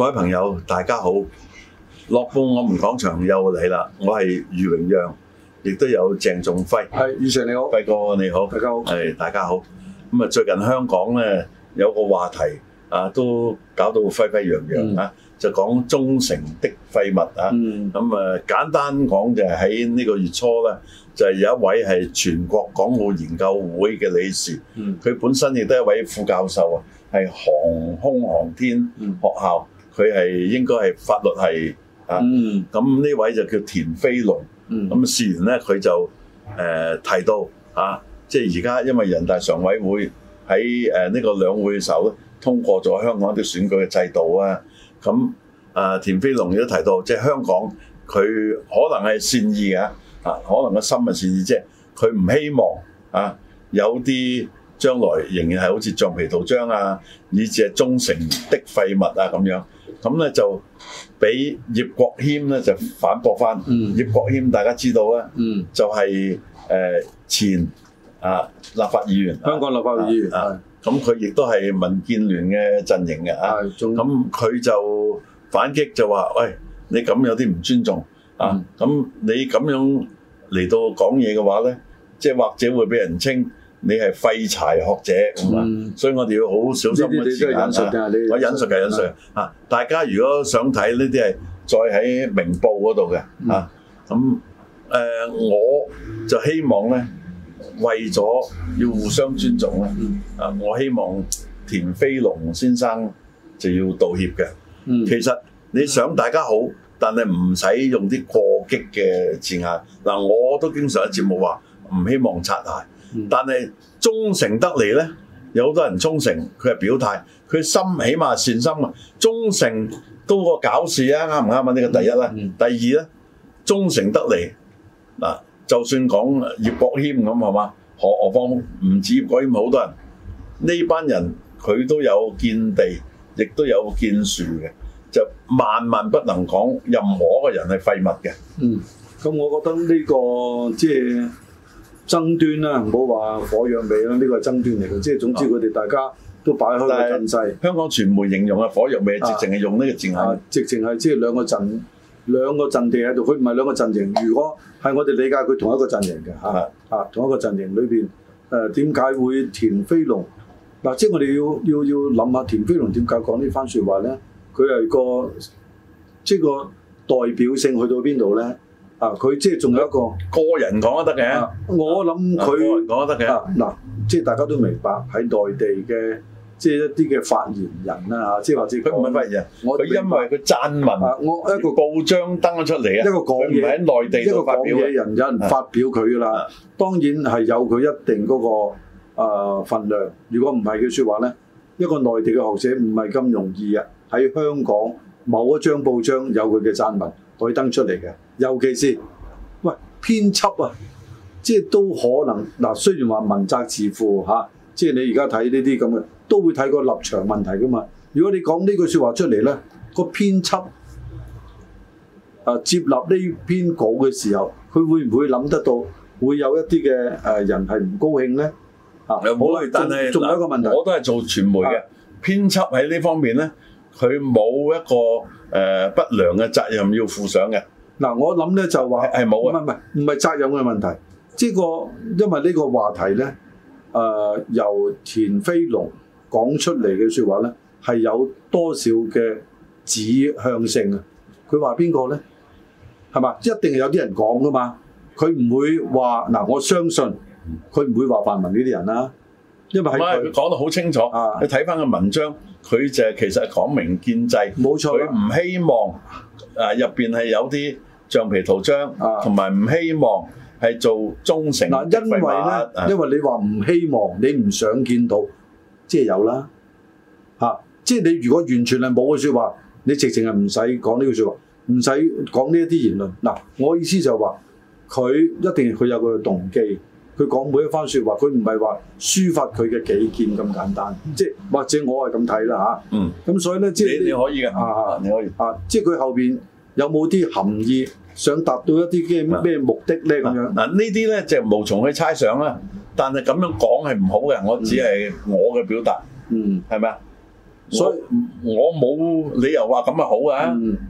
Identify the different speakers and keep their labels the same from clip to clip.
Speaker 1: 各位朋友，大家好！樂富我門廣場又嚟啦，我係余榮耀，亦都有鄭仲輝。係，余 s 你好，大哥你好，哥好，大家好，係大家好。咁啊，最近香港咧有個話題啊，都搞到沸沸揚揚啊，就講忠城的廢物啊。咁、嗯、啊，簡單講就係喺呢個月初咧，就係有一位係全國港澳研究會嘅理事，佢、嗯、本身亦都係一位副教授啊，係航空航天學校。嗯佢係應該係法律係、嗯、啊，咁呢位就叫田飛龍，咁、嗯、事然緣咧佢就誒、呃、提到啊，即係而家因為人大常委會喺誒呢個兩會嘅時候通過咗香港一啲選舉嘅制度啊，咁啊田飛龍亦都提到，即係香港佢可能係善意嘅啊，可能個心係善意即啫，佢唔希望啊有啲將來仍然係好似橡皮圖章啊，以至係忠誠的廢物啊咁樣。咁咧就俾葉國謙咧就反駁返，葉國謙大家知道啊，就係誒前啊立法議員，香港立法會議員，咁佢亦都係民建聯嘅陣營嘅啊，咁佢就反擊就、哎、話，喂，你咁有啲唔尊重啊，咁你咁樣嚟到講嘢嘅話咧，即係或者會俾人稱。你係廢柴學者，嗯、所以我哋要好小心嗰啲字眼。要引述我引述嘅引述。引述啊，啊大家如果想睇呢啲係再喺明報嗰度嘅。嗯、啊，咁、嗯、誒、呃，我就希望咧，為咗要互相尊重咧，嗯、啊，我希望田飛龍先生就要道歉嘅。嗯、其實你想大家好，嗯、但係唔使用啲過激嘅字眼。嗱、啊，我都經常喺節目話唔希望擦鞋。但係忠誠得嚟咧，有好多人忠誠，佢係表態，佢心起碼善心啊！忠誠都過搞事啊，啱唔啱啊？呢、這個第一啦，嗯嗯、第二咧，忠誠得嚟嗱、啊，就算講葉國謙咁係嘛，何何方、唔止葉國謙嗰啲好多人，呢班人佢都有見地，亦都有見樹嘅，就萬萬不能講任何嘅人係廢物嘅。嗯，咁我覺得呢、這個即係。爭端啦，唔好話火藥味啦，呢個係爭端嚟嘅。即係總之，佢哋大家都擺開個陣勢。嗯、香港傳媒形容啊火藥味係直情用呢個、啊啊，直情係用呢個字眼。直情係即係兩個陣兩個陣地喺度，佢唔係兩個陣營。如果係我哋理解，佢同一個陣營嘅嚇嚇，同一個陣營裏邊，誒點解會田飛龍？嗱、啊，即係我哋要要要諗下田飛龍點解講呢番説話咧？佢係個即係個代表性去到邊度咧？啊！佢即係仲有一個個人講都得嘅。我諗佢講都得嘅。嗱、啊，即係大家都明白喺內地嘅，即係一啲嘅發言人啦。即係話，即係佢唔係發言人，佢因為佢讚文、啊，我一個報章登咗出嚟啊。一個講嘢喺內地一個發表嘅人有人發表佢噶啦，是的 當然係有佢一定嗰、嗰個、呃、份量。如果唔係嘅説話咧，的一個內地嘅學者唔係咁容易啊。喺香港某一張報章有佢嘅讚文可以登出嚟嘅。尤其是喂編輯啊，即係都可能嗱、啊。雖然話文責自負嚇、啊，即係你而家睇呢啲咁嘅，都會睇個立場問題㗎嘛。如果你講呢句説話出嚟咧，個編輯啊接納呢篇稿嘅時候，佢會唔會諗得到會有一啲嘅誒人係唔高興咧？嚇、啊，好啦，但係是仲有一個問題，我都係做傳媒嘅編輯喺呢方面咧，佢冇一個誒、呃、不良嘅責任要負上嘅。嗱，我諗咧就話，係冇啊，唔係唔係唔係責任嘅問題。即係個，因為呢個話題咧，誒、呃、由田飛龍講出嚟嘅説話咧，係有多少嘅指向性啊？佢話邊個咧？係嘛，一定係有啲人講噶嘛。佢唔會話嗱，我相信佢唔會話泛民呢啲人啦，因為係佢講得好清楚啊。你睇翻個文章，佢就其實講明建制，冇錯，佢唔希望誒入邊係有啲橡皮圖章，同埋唔希望係做忠誠廢物、啊、因為咧，因為你話唔希望，你唔想見到，即係有啦。嚇、啊，即係你如果完全係冇嘅説話，你直情係唔使講呢個説話，唔使講呢一啲言論。嗱、啊，我意思就話、是，佢一定佢有佢嘅動機，佢講每一番説話，佢唔係話抒發佢嘅己見咁簡單。即係或者我係咁睇啦嚇。啊、嗯。咁所以咧，即係你可以嘅。啊啊，你可以。啊，即係佢後邊。有冇啲含意？想達到一啲嘅咩目的咧？咁樣嗱，呢啲咧就無從去猜想啦。但係咁樣講係唔好嘅，我只係我嘅表達，嗯，係咪啊？所以我冇理由話咁樣好嘅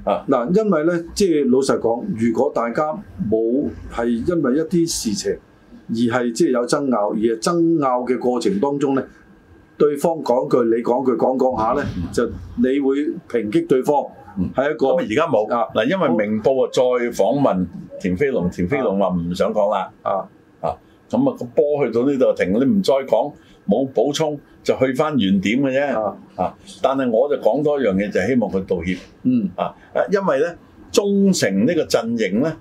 Speaker 1: 啊嗱，因為咧，即係老實講，如果大家冇係因為一啲事情而係即係有爭拗，而係爭拗嘅過程當中咧，對方講句你講句講講下咧，就你會抨擊對方。係一個咁而家冇嗱，因為明報啊再訪問田飛龍，啊、田飛龍話唔想講啦。啊啊，咁啊、那個波去到呢度停，你唔再講，冇補充就去翻原點嘅啫。啊，啊，但係我就講多一樣嘢，就係、希望佢道歉。嗯啊，因為咧忠誠呢這個陣營咧，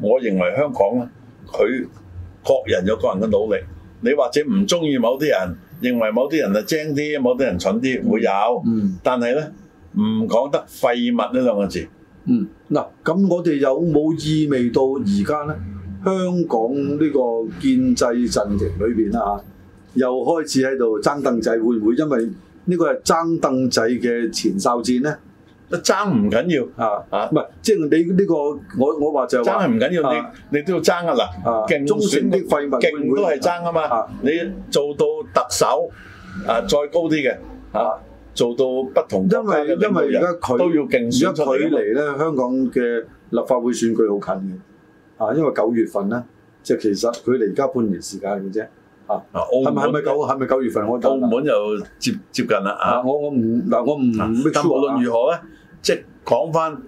Speaker 1: 我認為香港咧，佢各人有各人嘅努力，你或者唔中意某啲人，認為某啲人啊精啲，某啲人蠢啲，會有。嗯，但係咧。唔講得廢物呢兩個字。嗯，嗱，咁我哋有冇意味到而家咧，香港呢個建制陣營裏面啦、啊、又開始喺度爭凳仔，會唔會因為呢個係爭凳仔嘅前哨戰咧？一爭唔緊要啊啊，唔係，即係你呢個我我話就係爭係唔緊要，啊啊、你要、啊、你都要爭噶、啊、啦、啊，忠誠的廢物會會，爭都係爭啊嘛，啊你做到特首啊再高啲嘅做到不同的，因為因為而家距離咧香港嘅立法會選舉好近嘅，啊，因為九月份咧，即係其實佢離而家半年時間嘅啫，啊，係咪係咪九係咪九月份開？澳門又接接近啦啊！我我唔嗱，我唔但無論如何咧，即係、啊、講翻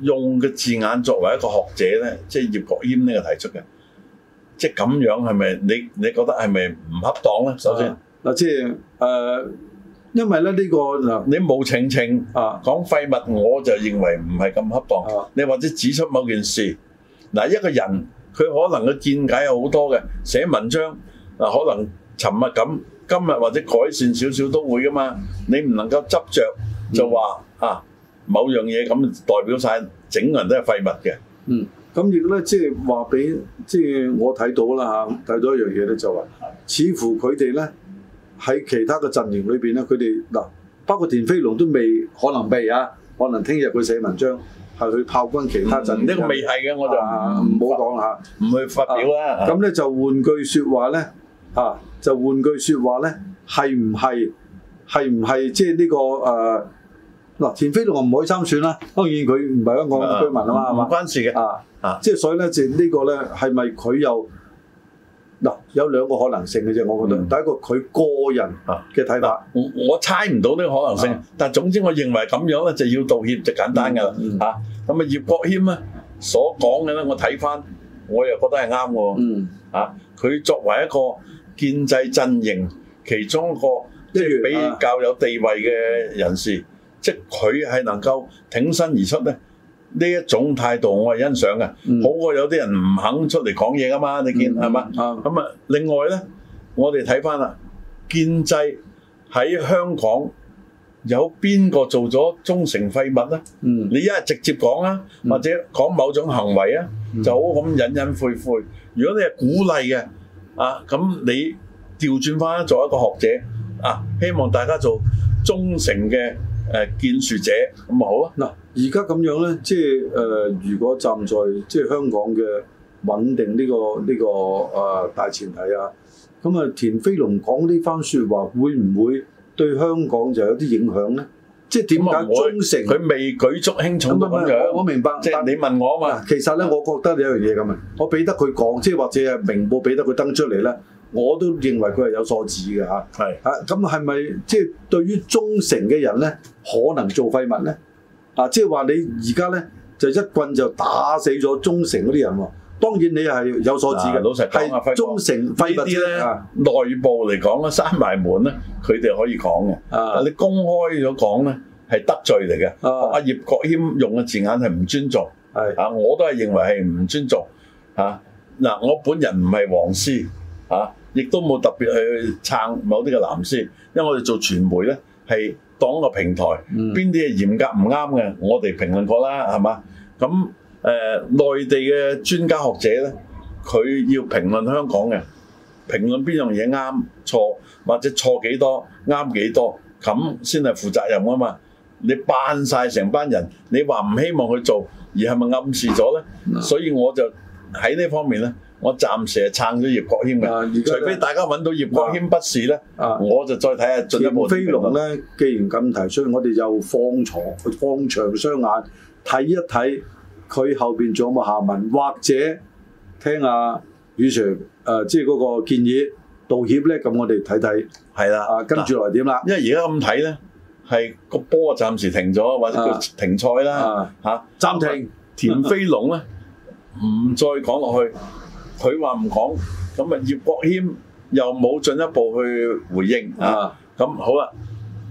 Speaker 1: 用嘅字眼作為一個學者咧，即係、嗯、葉國謙呢個提出嘅，即係咁樣係咪你你覺得係咪唔恰當咧？首先，嗱，即係。呃因為咧呢、呢個你冇澄清啊，講廢物我就認為唔係咁恰當。啊、你或者指出某件事，嗱，一個人佢可能嘅見解有好多嘅，寫文章嗱可能尋日咁，今日或者改善少少都會噶嘛。嗯、你唔能夠執着，就話啊某樣嘢咁代表晒整人都係廢物嘅。嗯，咁亦咧即係話俾即係我睇到啦吓，睇到一樣嘢咧就話，似乎佢哋咧。喺其他嘅陣營裏邊咧，佢哋嗱，包括田飛龍都未可能未啊，可能聽日佢寫文章係去炮轟其他陣營。呢、嗯這個未係嘅，我就唔好講啦，唔去發表啦、啊。咁咧、啊、就換句説話咧，嚇、啊、就換句説話咧，係唔係？係唔係？即係呢個誒嗱、啊？田飛龍唔可以參選啦，當然佢唔係香港居民啊嘛，唔關事嘅啊，即係所以咧，啊啊、就是這個呢個咧係咪佢又？是嗱，有兩個可能性嘅啫，我覺得。第一個佢個人嘅睇法，我、啊、我猜唔到呢個可能性。啊、但係總之我認為咁樣咧，就要道歉就簡單㗎啦。嚇、嗯，咁、嗯、啊葉國謙咧所講嘅咧，我睇翻，我又覺得係啱嘅喎。佢、嗯啊、作為一個建制陣營其中一個即係、嗯、比較有地位嘅人士，即係佢係能夠挺身而出咧。呢一種態度我係欣賞嘅，好過有啲人唔肯出嚟講嘢㗎嘛！你見係嘛？咁啊，另外咧，我哋睇翻啦，建制喺香港有邊個做咗忠誠廢物咧？嗯、你一係直接講啊，嗯、或者講某種行為啊，嗯、就好咁隱隱晦晦。如果你係鼓勵嘅啊，咁你調轉翻做一個學者啊，希望大家做忠誠嘅誒、呃、建樹者咁咪好啊嗱。而家咁樣咧，即係誒、呃，如果站在即係香港嘅穩定呢、呢個呢、呢個誒、呃、大前提啊，咁、嗯、啊，田飛龍講呢番説話會唔會對香港就有啲影響咧？即係點解忠誠佢未舉足輕重咁樣我？我明白，但即你問我啊嘛。其實咧，的我覺得有樣嘢咁啊，我俾得佢講，即係或者係明報俾得佢登出嚟咧，我都認為佢係有所指嘅嚇。係的啊，咁係咪即係對於忠誠嘅人咧，可能做廢物咧？啊！即係話你而家咧，就一棍就打死咗忠誠嗰啲人喎、啊。當然你係有所指嘅，老實，係忠誠廢物嗰啲呢，內部嚟講咧，閂埋門咧，佢哋可以講嘅。啊，你公開咗講咧，係得罪嚟嘅。啊，啊葉國謙用嘅字眼係唔尊重，是、啊、尊重，啊，我都係認為係唔尊重。嚇嗱，我本人唔係黃絲嚇，亦、啊、都冇特別去撐某啲嘅藍絲，因為我哋做傳媒咧係。黨個平台邊啲係嚴格唔啱嘅，我哋評論過啦，係嘛？咁誒、呃，內地嘅專家學者咧，佢要評論香港嘅，評論邊樣嘢啱錯，或者錯幾多，啱幾多，咁先係負責任啊嘛！你扮晒成班人，你話唔希望去做，而係咪暗示咗咧？所以我就喺呢方面咧。我暫時撐咗葉國軒嘅，除非大家揾到葉國軒不是咧，啊、我就再睇下進一步。田飛龍咧，既然咁提出，所以我哋就放長放長雙眼睇一睇佢後邊仲有冇下文，或者聽下宇翔誒，即係嗰個建議道歉咧，咁我哋睇睇。係啦的，跟住、啊、來點啦？因為而家咁睇咧，係個波暫時停咗，或者佢停賽啦嚇。暫停，田飛龍咧，唔 再講落去。佢話唔講，咁啊葉國謙又冇進一步去回應啊。咁、啊、好啦，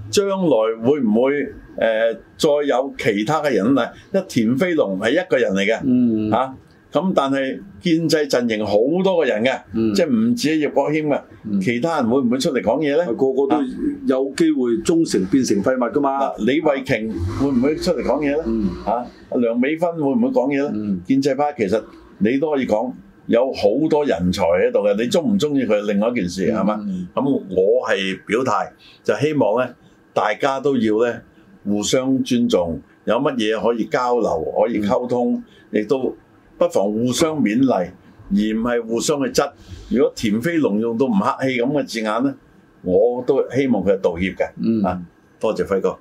Speaker 1: 將來會唔會誒、呃、再有其他嘅人啊？一田飛龍係一個人嚟嘅，嗯，嚇、啊。咁但係建制陣營好多個人嘅，嗯、即係唔止葉國謙嘅，嗯、其他人會唔會出嚟講嘢咧？啊、個個都有機會忠誠變成廢物噶嘛、啊。李慧瓊會唔會出嚟講嘢咧？嚇、嗯啊，梁美芬會唔會講嘢咧？嗯、建制派其實你都可以講。有好多人才喺度嘅，你中唔中意佢另外一件事係嘛？咁、嗯、我係表態，就希望咧大家都要咧互相尊重，有乜嘢可以交流可以溝通，嗯、亦都不妨互相勉勵，而唔係互相去質。如果田飛龍用到唔客氣咁嘅字眼咧，我都希望佢道歉嘅。啊、嗯，多謝輝哥。